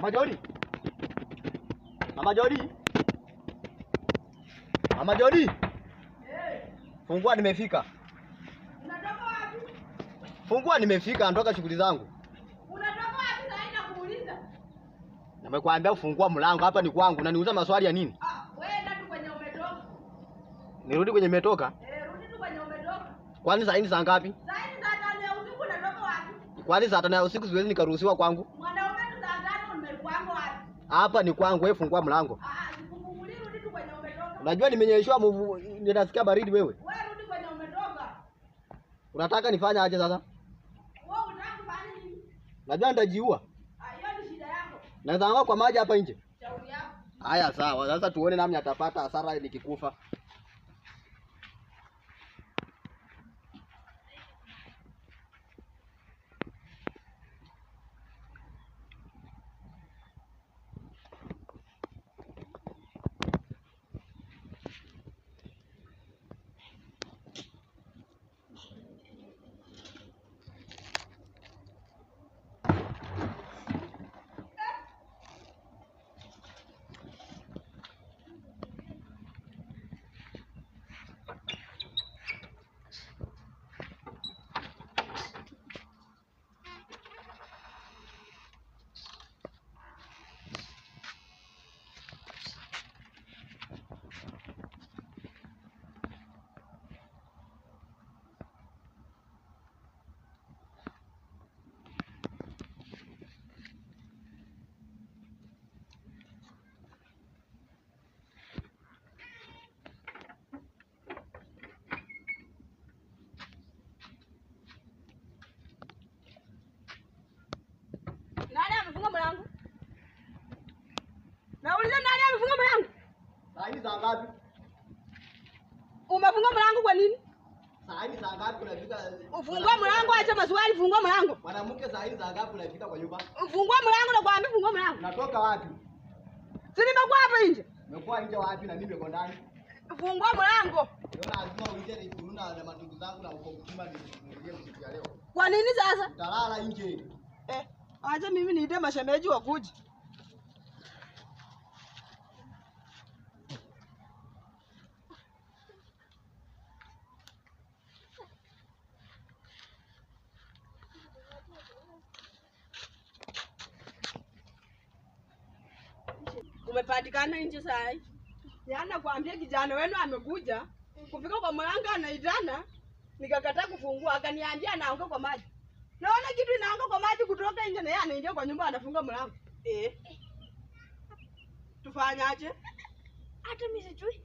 Mama Jodi. Mama Jodi. Mama Jodi. Fungua nimefika. Fungua nimefika, natoka shughuli zangu. Nimekuambia ufungua mlango, hapa ni kwangu. na niuza maswali ya nini? Ah, Nirudi eh, kwenye umetoka? Kwani saa hii saa ngapi? Kwani saa tano ya usiku siwezi nikaruhusiwa kwangu? Hapa ni kwangu, wewe fungua mlango. Ah, ah, Unajua nimenyeshwa mvu, ninasikia baridi wewe. Wewe rudi kwenye umetoka. Unataka nifanye aje sasa? Wewe unataka nini? Najua nitajiua. Naweza kwa maji hapa nje. Haya sawa, sasa tuone nani atapata hasara nikikufa. ngapi? Umefunga mlango kwa nini? Saa saa ngapi unafika? Ufungua mlango, acha maswali, fungua mlango. Mwanamke saa saa ngapi unafika kwa nyumba? Ufungua mlango na fungua mlango. Natoka wapi? Si nimekuwa hapa nje. Nimekuwa nje wapi na ndani? Fungua mlango. lazima ni kuruna na zangu na uko ya leo. Kwa nini sasa? Utalala nje. Eh, acha mimi niite mashemeji wakuje. umepatikana nje sai. Yana kuambia kijana wenu amekuja kufika kwa mlango anaitana, nikakataa kufungua, akaniambia anaanguka kwa maji. Naona kitu inaanguka kwa maji kutoka nje, na yeye anaingia kwa nyumba anafunga mlango. Eh, tufanyaje? Hata mimi sijui.